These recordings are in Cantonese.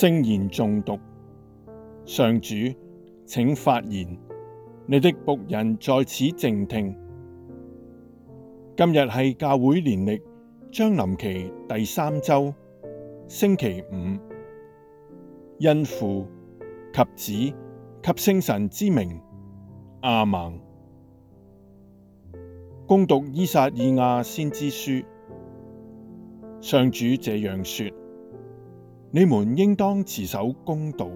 聖言誦讀，上主，請發言，你的僕人在此靜聽。今日係教會年曆將臨期第三周，星期五，因父及子及聖神之名，亞孟。恭讀依撒意亞先知書，上主這樣説。你們應當持守公道，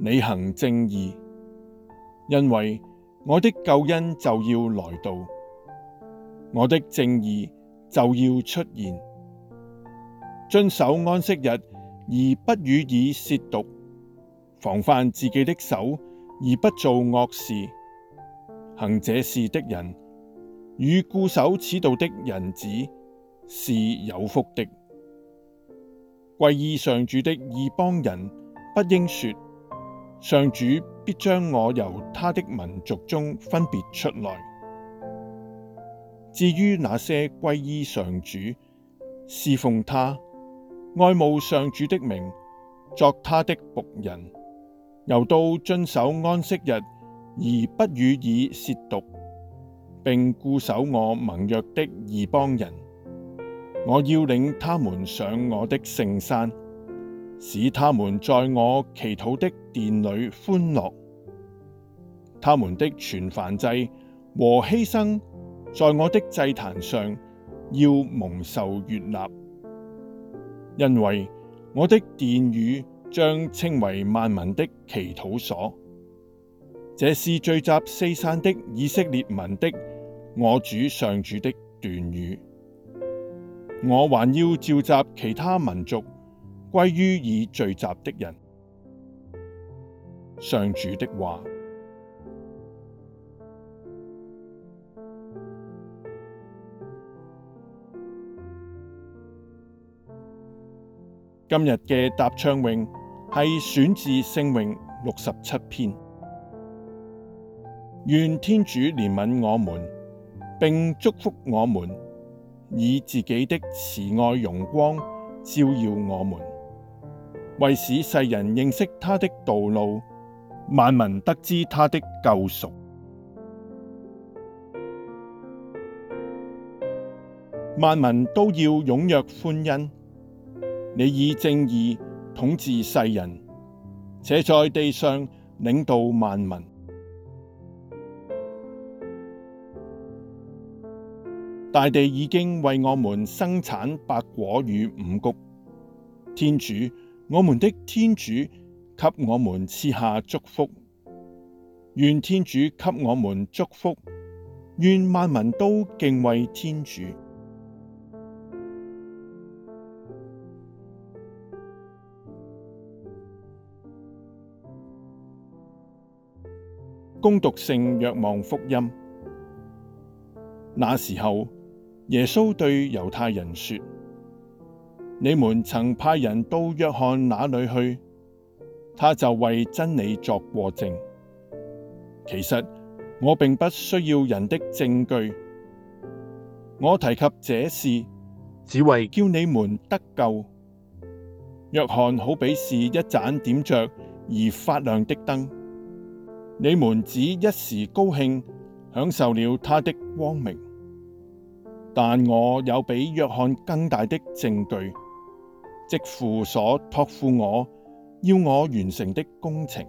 履行正義，因為我的救恩就要來到，我的正義就要出現。遵守安息日而不予以褻瀆，防範自己的手而不做惡事，行這事的人與固守此道的人子是有福的。歸依上主的異邦人不應說：上主必將我由他的民族中分別出來。至於那些歸依上主、事奉他、愛慕上主的名、作他的僕人、又都遵守安息日而不予以褻瀆，並固守我盟約的異邦人。我要領他們上我的聖山，使他們在我祈禱的殿裏歡樂。他們的全燔祭和犧牲，在我的祭壇上要蒙受悅納，因為我的殿宇將稱為萬民的祈禱所。這是聚集四散的以色列民的我主上主的斷語。我還要召集其他民族，歸於已聚集的人。上主的話。今日嘅答唱詠係選自聖詠六十七篇。願天主憐憫我們，並祝福我們。以自己的慈愛容光照耀我們，為使世人認識他的道路，萬民得知他的救贖。萬民都要踴躍歡欣，你以正義統治世人，且在地上領導萬民。大地已經為我們生產百果與五穀，天主，我們的天主，給我們賜下祝福，願天主給我們祝福，願萬民都敬畏天主。恭讀聖若望福音，那時候。耶穌對猶太人說：你們曾派人到若翰那裏去，他就為真理作過證。其實我並不需要人的證據，我提及這事，只為叫你們得救。若翰好比是一盞點着而發亮的燈，你們只一時高興享受了他的光明。但我有比若翰更大的證據，即父所託付我要我完成的工程，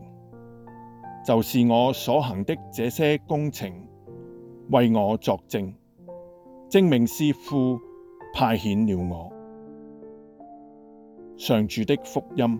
就是我所行的這些工程，為我作證，證明是父派遣了我。上主的福音。